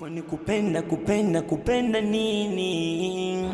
Kwani kupenda kupenda kupenda nini?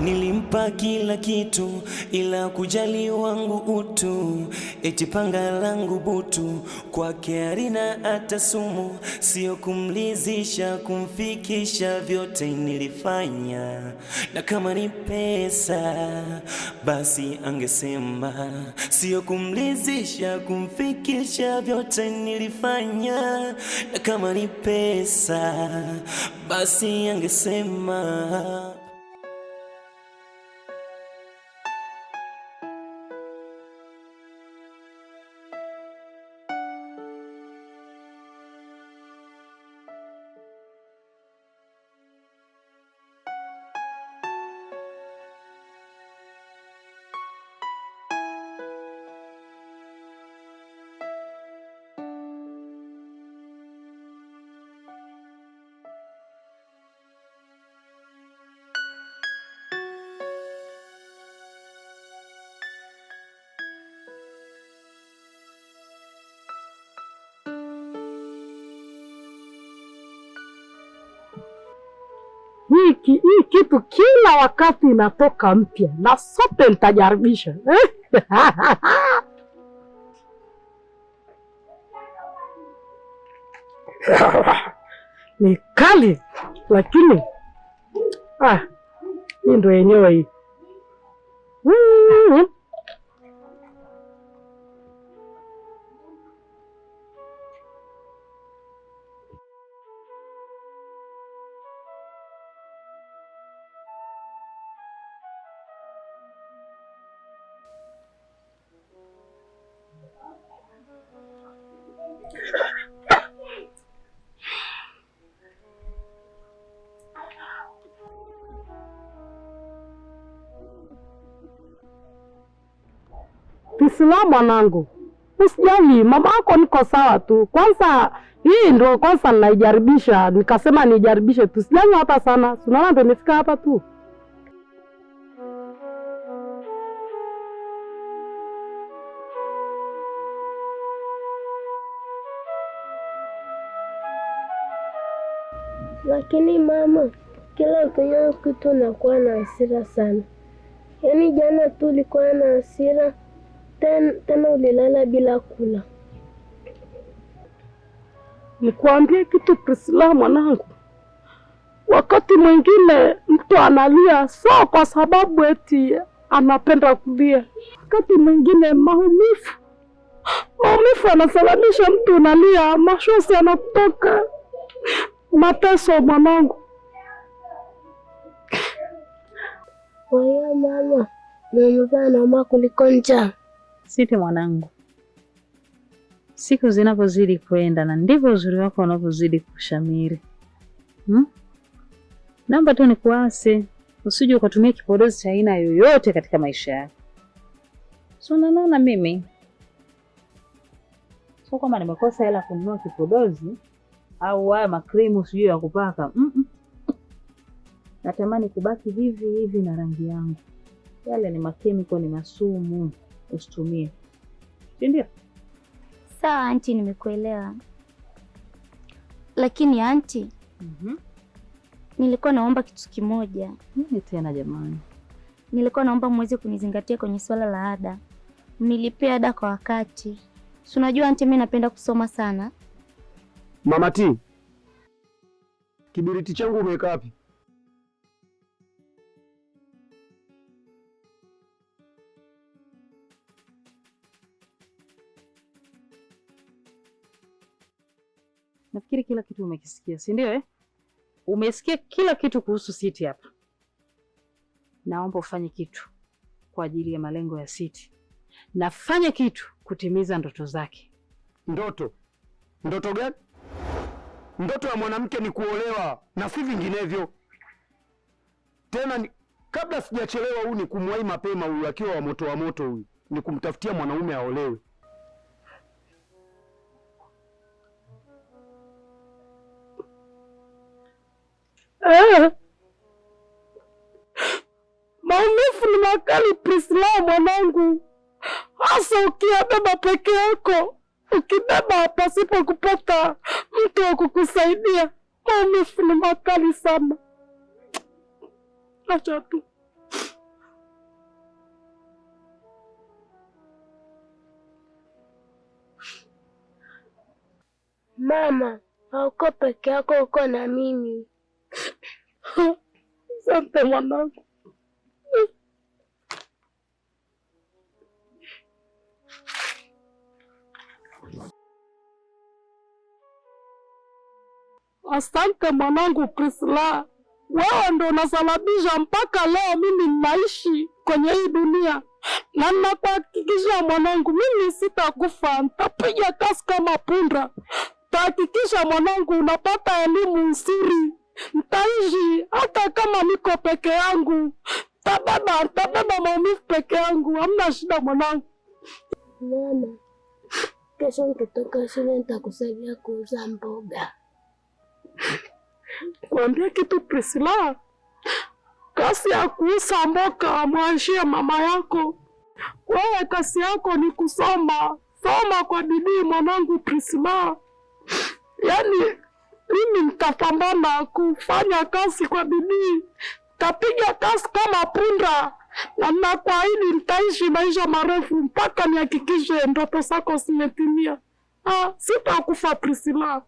Nilimpa kila kitu, ila kujali wangu utu, eti panga langu butu, kwake arina hata sumu, sio kumlizisha, kumfikisha, vyote nilifanya, na kama ni pesa basi angesema, sio kumlizisha, kumfikisha, vyote nilifanya, na kama ni pesa basi angesema hii, hii kitu kila wakati inatoka mpya na sote nitajaribisha. Eh? ni kali lakini ah, hii ndo yenyewe hii. Priscilla mwanangu, usijali, mama yako niko sawa tu. Kwanza hii ndo kwanza naijaribisha nikasema nijaribishe tu, hata sana, tunaona ndio nimefika hapa tu. Lakini mama, kila ukiona kitu nakuwa na hasira sana. Yaani jana tu ulikuwa na hasira ten, tena ulilala bila kula. Nikuambie kitu Priscilla, mwanangu, wakati mwingine mtu analia sio kwa sababu eti anapenda kulia. Wakati mwingine maumivu maumivu anasababisha mtu unalia, mashosi anatoka mateso mwanangu. Kwa hiyo mama, nimevaa nauma kuliko njaa. Siti mwanangu, siku zinavyozidi kwenda na ndivyo uzuri wako unavyozidi kushamiri hmm? Naomba tu nikuase usije ukatumia kipodozi cha aina yoyote katika maisha yako. So nanaona mimi so kwamba nimekosa hela kununua kipodozi au haya makrimu sijui ya kupaka mm -mm. Natamani kubaki hivi hivi na rangi yangu. Yale ni makemiko, ni masumu, usitumie, si ndio? Sawa anti, nimekuelewa. Lakini anti, mm -hmm. nilikuwa naomba kitu kimoja. Nini tena jamani? Nilikuwa naomba mweze kunizingatia kwenye swala la ada, mnilipia ada kwa wakati. Si unajua anti, mimi napenda kusoma sana Mama T, kibiriti changu umeweka wapi? Nafikiri kila kitu umekisikia, si ndio eh? Umesikia kila kitu kuhusu Siti hapa. Naomba ufanye kitu kwa ajili ya malengo ya Siti, nafanya kitu kutimiza ndoto zake. Ndoto? Ndoto gani? Ndoto ya mwanamke ni kuolewa na si vinginevyo. Tena ni, kabla sijachelewa, huyu ni kumwahi mapema, huyu akiwa wa moto wa moto, huyu ni kumtafutia mwanaume aolewe. Eh. Maumivu ni makali Priscilla, mwanangu, hasa ukiabeba peke yako. Ukibeba pasipo kupata mtu wa kukusaidia, maumivu ni makali sana. Acha tu mama, hauko peke yako, uko na mimi. Asante mwanangu. Asante mwanangu Prisla, wewe ndo unasababisha mpaka leo mimi ninaishi kwenye hii dunia, na ninakuhakikisha mwanangu, mimi sitakufa, nitapiga kasi kama punda. nitahakikisha mwanangu unapata elimu nzuri, ntaishi hata kama niko peke yangu, tabeba tabeba maumivu peke yangu, hamna shida mwanangu. Mama, kesho nitatoka shule, nitakusaidia kuuza mboga kuambia kitu Priscilla, kasi ya kuusa mboka mwanjie mama yako. Wewe kasi yako ni kusoma, soma kwa bidii mwanangu Priscilla. Yaani mimi nitapambana kufanya kazi kwa bidii, tapiga kazi kama punda, na ninakuahidi nitaishi maisha marefu mpaka nihakikishe ndoto zako zimetimia. Ah, sitakufa Priscilla,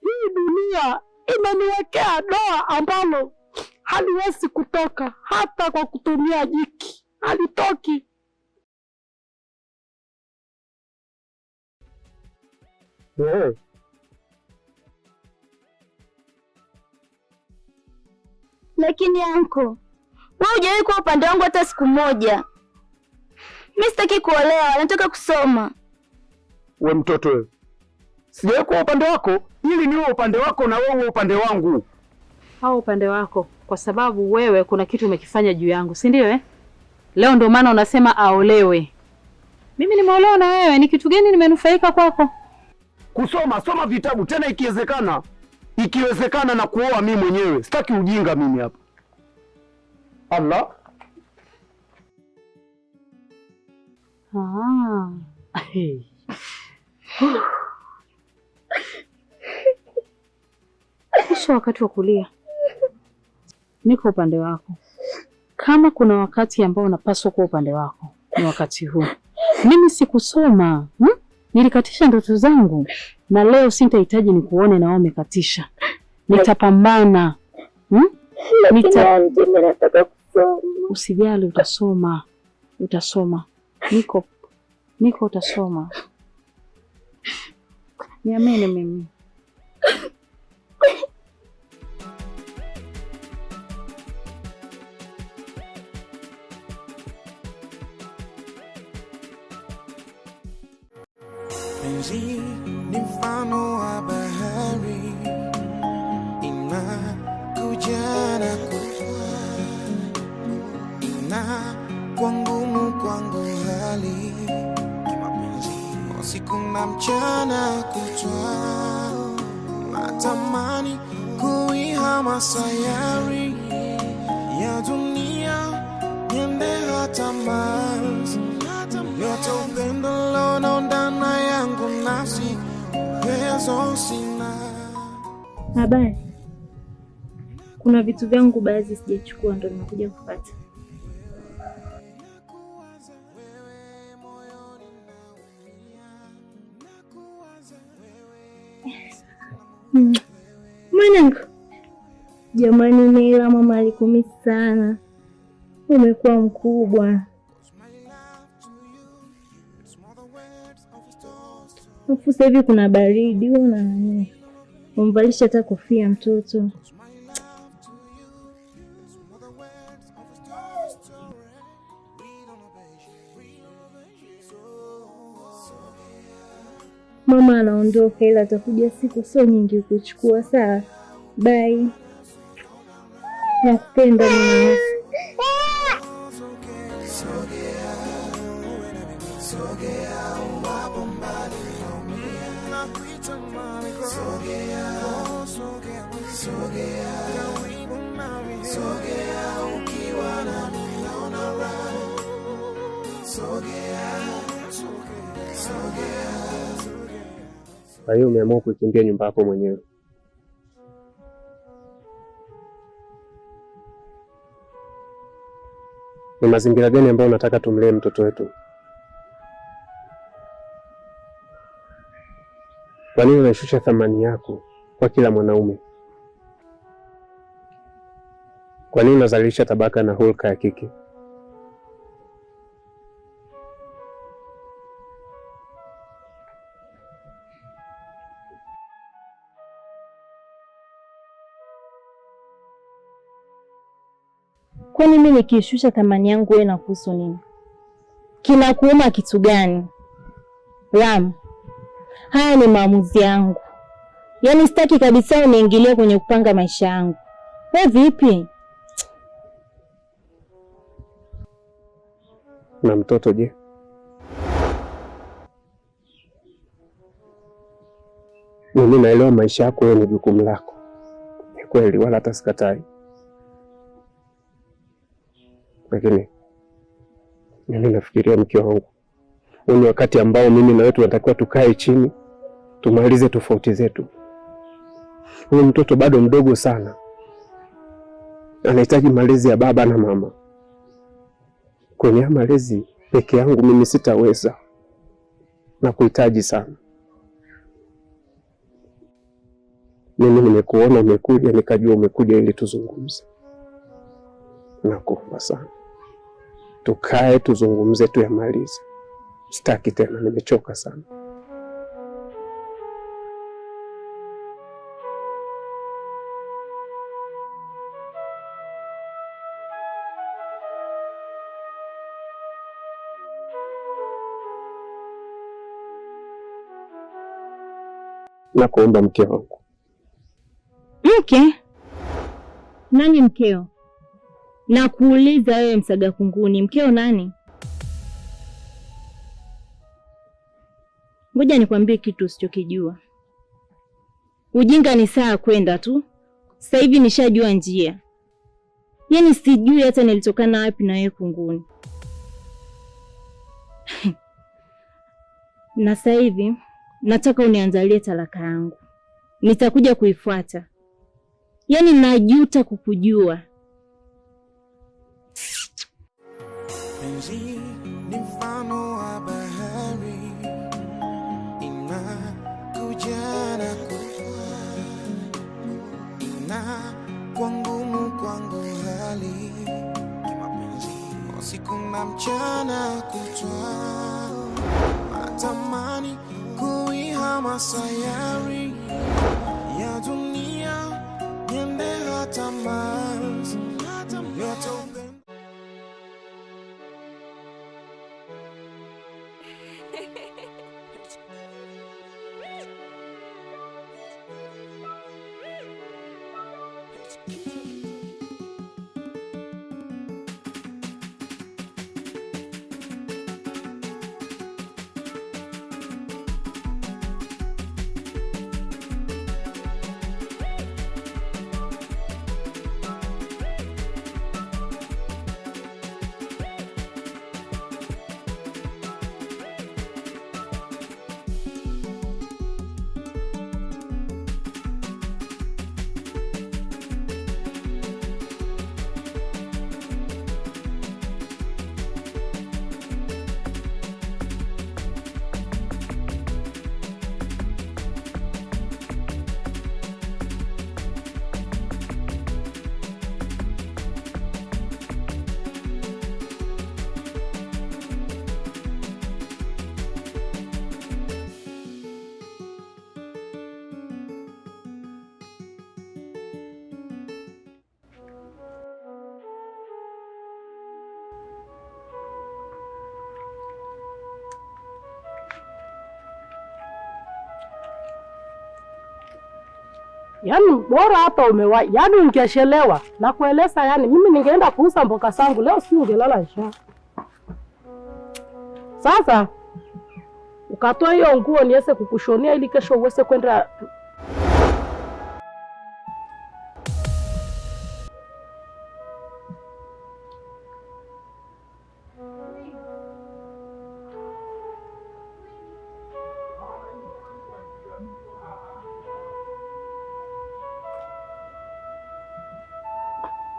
hii dunia imeniwekea doa ambalo haliwezi kutoka hata kwa kutumia jiki, halitoki. Yeah. Lakini anko, wewe hujawahi kuwa upande wangu hata siku moja. mistaki sitaki kuolewa, nataka kusoma. We mtoto wewe Sijawahi kuwa upande wako ili niwe upande wako na wewe upande wangu au upande wako, kwa sababu wewe kuna kitu umekifanya juu yangu, si ndio eh? Leo ndio maana unasema aolewe. Mimi nimeolewa na wewe, ni kitu gani nimenufaika kwako? Kusoma soma vitabu tena, ikiwezekana ikiwezekana na kuoa mimi mwenyewe. Sitaki ujinga mimi hapa. Allah. Ah. Kisha wakati wa kulia niko upande wako. Kama kuna wakati ambao unapaswa kuwa upande wako ni wakati huu. Mimi sikusoma hm? Nilikatisha ndoto zangu, na leo sintahitaji kuone na wao umekatisha. Nitapambana hm? Nita... Usijali, utasoma, utasoma. Niko niko, utasoma, niamini mimi. usiku na mchana kutwa, natamani kuihama sayari ya dunia, niende hata Mars, nyota upendo lono ndana yangu nafsi, uwezo sina. Habari, kuna vitu vyangu baadhi sijachukua, ndo nimekuja kupata Hmm. Mwanangu jamani, Naila mama alikumi sana, umekuwa mkubwa. Afu sasa hivi kuna baridi, wewe umvalisha hata kofia mtoto. anaondoka, ila atakuja siku sio nyingi ukuchukua. Sawa, bye, nakupenda mimi. Sogea, sogea, sogea. Kwa hiyo umeamua kuikimbia nyumba yako mwenyewe. Ni mazingira gani ambayo unataka tumlee mtoto wetu? Kwa nini unashusha thamani yako kwa kila mwanaume? Kwa nini unazalisha tabaka na hulka ya kike? Kwani mimi nikishusha thamani yangu wewe nakuhusu nini? Kinakuuma kitu gani? Ram, haya ni maamuzi yangu, yaani sitaki kabisa uniingilie kwenye kupanga maisha yangu. We vipi na mtoto? Je, mimi naelewa maisha yako, hiyo ni jukumu lako, ni kweli, wala hata sikatai lakini mimi yaani nafikiria, mke wangu, huu ni wakati ambao mimi na wewe tunatakiwa tukae chini tumalize tofauti zetu. Huyu mtoto bado mdogo sana, anahitaji malezi ya baba na mama. Kwenye malezi peke yangu mimi sitaweza na kuhitaji sana. Mimi nimekuona umekuja, nikajua umekuja ili tuzungumze. Nakuomba sana tukae tuzungumze, tuyamalize. Sitaki tena, nimechoka sana. Nakuomba mke wangu. Mke nani? Mkeo na kuuliza wewe, msaga kunguni, mkeo nani? Ngoja nikwambie kitu usichokijua. Ujinga ni saa kwenda tu, sasa hivi nishajua njia. Yaani sijui hata nilitokana wapi na wewe kunguni. na sasa hivi nataka unianzalie talaka yangu, nitakuja kuifuata. Yaani najuta kukujua Così ninfano a bahari Inakuja na kuwa Ina kwa ngumu kwangu hali Usiku na mchana kutwa Natamani kuihama sayari Yaani bora hapa umewai yaani ungeshelewa na kueleza, yaani mimi ningeenda kuuza mboga zangu leo, si ungelala njaa. Sasa ukatoa hiyo nguo niweze kukushonea ili kesho uweze kwenda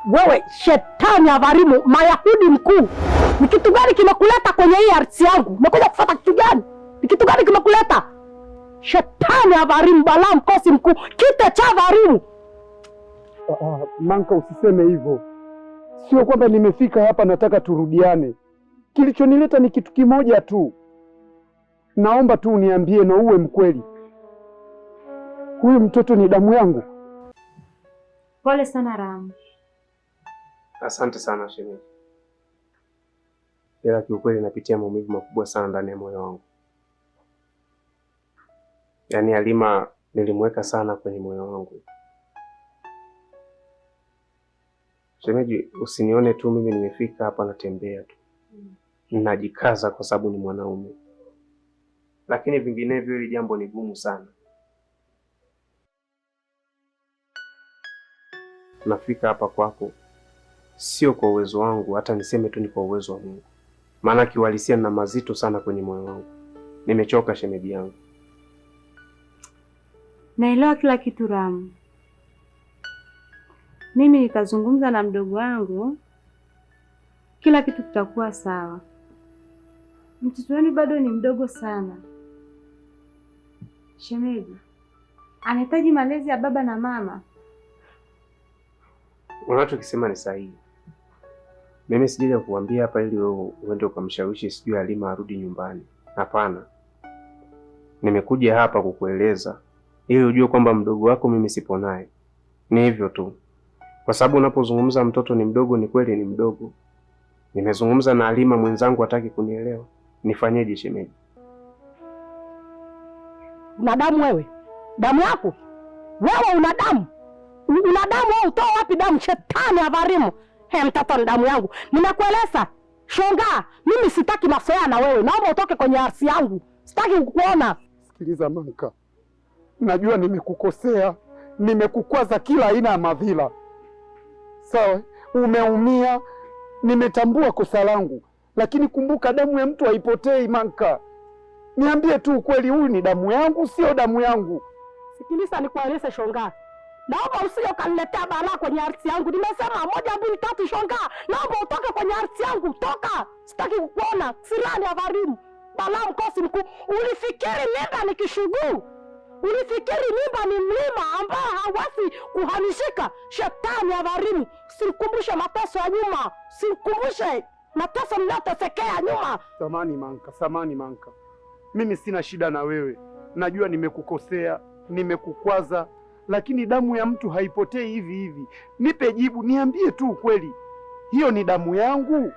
Wewe shetani avarimu Mayahudi mkuu, ni kitu gani kimekuleta kwenye hii ardhi yangu? Umekuja kufata kitu gani? Ni kitu gani kimekuleta? Shetani avarimu bala mkosi mkuu, kite cha avarimu. Uh, Manka, usiseme hivyo. Sio kwamba nimefika hapa nataka turudiane. Kilichonileta ni kitu kimoja tu, naomba tu uniambie na uwe mkweli, huyu mtoto ni damu yangu? Pole sana Ramu Asante sana shemeji, ila kiukweli napitia maumivu makubwa sana ndani ya moyo wangu. Yaani Halima nilimweka sana kwenye moyo wangu. Shemeji, usinione tu mimi nimefika hapa natembea tu, najikaza kwa sababu ni mwanaume, lakini vinginevyo hili jambo ni gumu sana. Nafika hapa kwako sio kwa uwezo wangu, hata niseme tu ni kwa uwezo wa Mungu, maana kiuhalisia na mazito sana kwenye moyo wangu. Nimechoka shemeji yangu. Naelewa kila kitu Ramu. Mimi nitazungumza na mdogo wangu, kila kitu kitakuwa sawa. Mtoto wenu bado ni mdogo sana shemeji, anahitaji malezi ya baba na mama. Unachokisema ni sahihi, mimi sijaja kukuambia hapa ili uende ukamshawishi sijui Halima arudi nyumbani. Hapana, nimekuja hapa kukueleza ili ujue kwamba mdogo wako mimi sipo naye. Ni hivyo tu, kwa sababu unapozungumza mtoto ni mdogo, ni kweli ni mdogo. Nimezungumza na Halima mwenzangu, hataki kunielewa. Nifanyeje shemeji? Una damu wewe, damu yako wewe, una damu, una damu wewe. Utoa wapi damu? Shetani avarimu He, mtoto ni damu yangu, nimekueleza shonga. Mimi sitaki masoya na wewe, naomba utoke kwenye arsi yangu, sitaki kukuona. Sikiliza Manka, najua nimekukosea, nimekukwaza kila aina ya madhila, sawa? Umeumia, nimetambua kosa langu, lakini kumbuka damu ya mtu haipotei. Manka, niambie tu ukweli, huyu ni damu yangu, sio damu yangu? Sikiliza nikueleze shonga naomba usije ukaniletea balaa kwenye ardhi yangu. Nimesema moja mbili tatu, shonga, naomba utoke kwenye ardhi yangu, toka, sitaki kukuona. Sirani avarimu balaa mkosi mkuu. Ulifikiri mimba ni kishuguu? Ulifikiri mimba ni mlima ambao hawasi kuhamishika? Shetani avarimu, sikumbushe mateso ya nyuma, sikumbushe mateso mnayotesekea nyuma. Samani manka, samani manka, mimi sina shida na wewe, najua nimekukosea, nimekukwaza lakini damu ya mtu haipotei hivi hivi. Nipe jibu, niambie tu ukweli, hiyo ni damu yangu?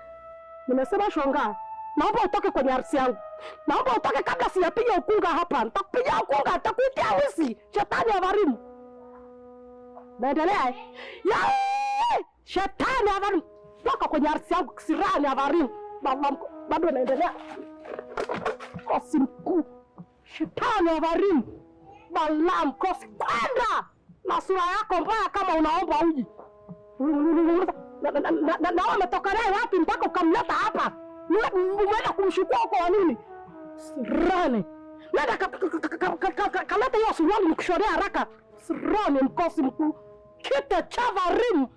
Nimesema shonga, naomba utoke kwenye harusi yangu, naomba utoke kabla sijapiga ukunga hapa. Nitakupiga ukunga, nitakutia wisi, shetani wa avarimu. Naendelea ya shetani wa avarimu, toka kwenye harusi yangu, kisirani wa avarimu. Bado naendelea, kasi mkuu, shetani wa avarimu balaa mkosi kwanza na sura yako mbaya, kama unaomba uji nawe umetoka naye wapi mpaka ukamleta hapa? Umeenda kumshukua huko wa nini? Sirani, nenda kaleta hiyo suruali nikushorea haraka. Sirani mkosi mkuu, kite chava rimu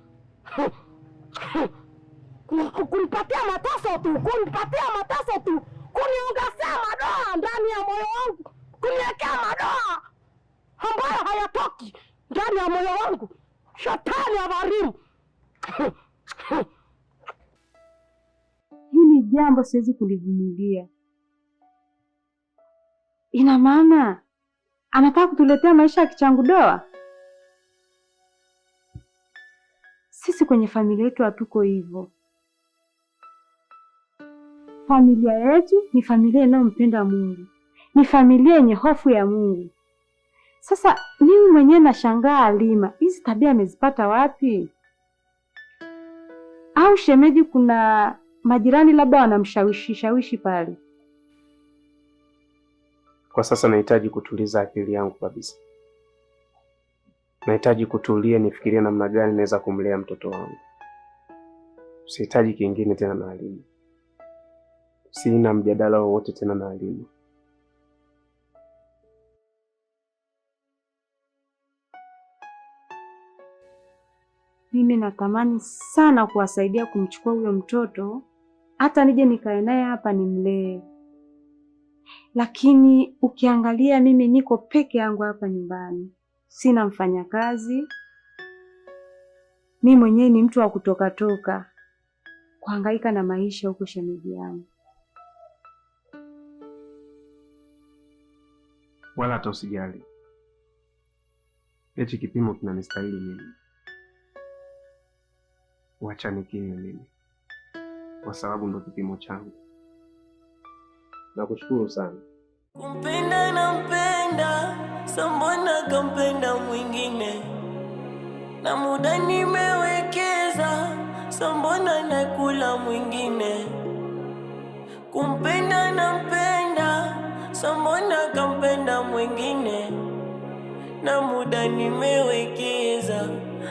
kunipatia mateso tu, kunipatia mateso tu, kuniongezea madoa ndani ya moyo wangu, kuniwekea madoa ambayo hayatoki ndani ya moyo wangu. Shetani avarimu hili jambo siwezi kulivumilia. Ina maana anataka kutuletea maisha ya kichangu doa Sisi kwenye familia yetu hatuko hivyo. Familia yetu ni familia inayompenda Mungu, ni familia yenye hofu ya Mungu. Sasa mimi mwenyewe nashangaa alima hizi tabia amezipata wapi? Au shemeji, kuna majirani labda wanamshawishi shawishi pale? Kwa sasa nahitaji kutuliza akili yangu kabisa, nahitaji kutulia, nifikirie namna gani naweza kumlea mtoto wangu. Sihitaji kingine tena na alima sina mjadala wowote tena na alima Mimi natamani sana kuwasaidia kumchukua huyo mtoto, hata nije nikae naye hapa nimlee, lakini ukiangalia mimi niko peke yangu hapa nyumbani, sina mfanyakazi. Mi mwenyewe ni mtu wa kutokatoka, kuhangaika na maisha huko, shemeji yangu. Wala hata usijali, hichi kipimo kinanistahili mimi wachanikiwe mimi, kwa sababu ndo kipimo changu. Nakushukuru sana. Kumpenda nampenda, sambona kampenda mwingine, na muda nimewekeza, sambona nakula mwingine. Kumpenda nampenda, sambona kampenda mwingine, na muda nimewekeza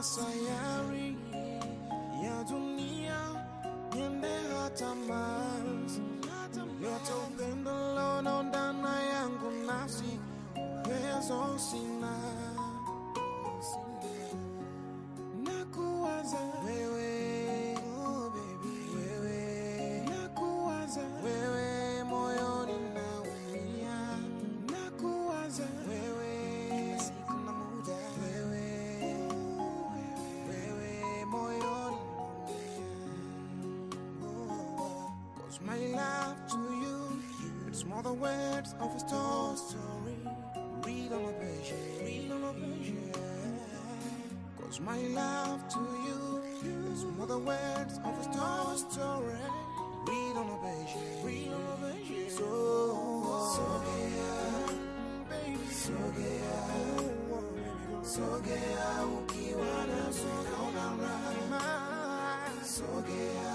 sayari ya dunia, niende hata Mars. Yote upendo lono ndana yangu nafsi, uwezo sina my love to you. Some other words of a star story. Read on a page, read So, so baby, so gaya, so gaya, ukiwa na sonaona rama. So gaya,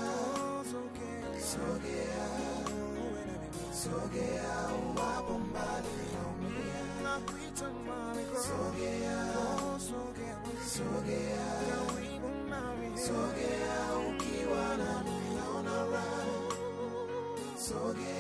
so gaya, so gaya, uwapo mbali na umia. Sogea, sogea, sogea ukiwa na raha, sogea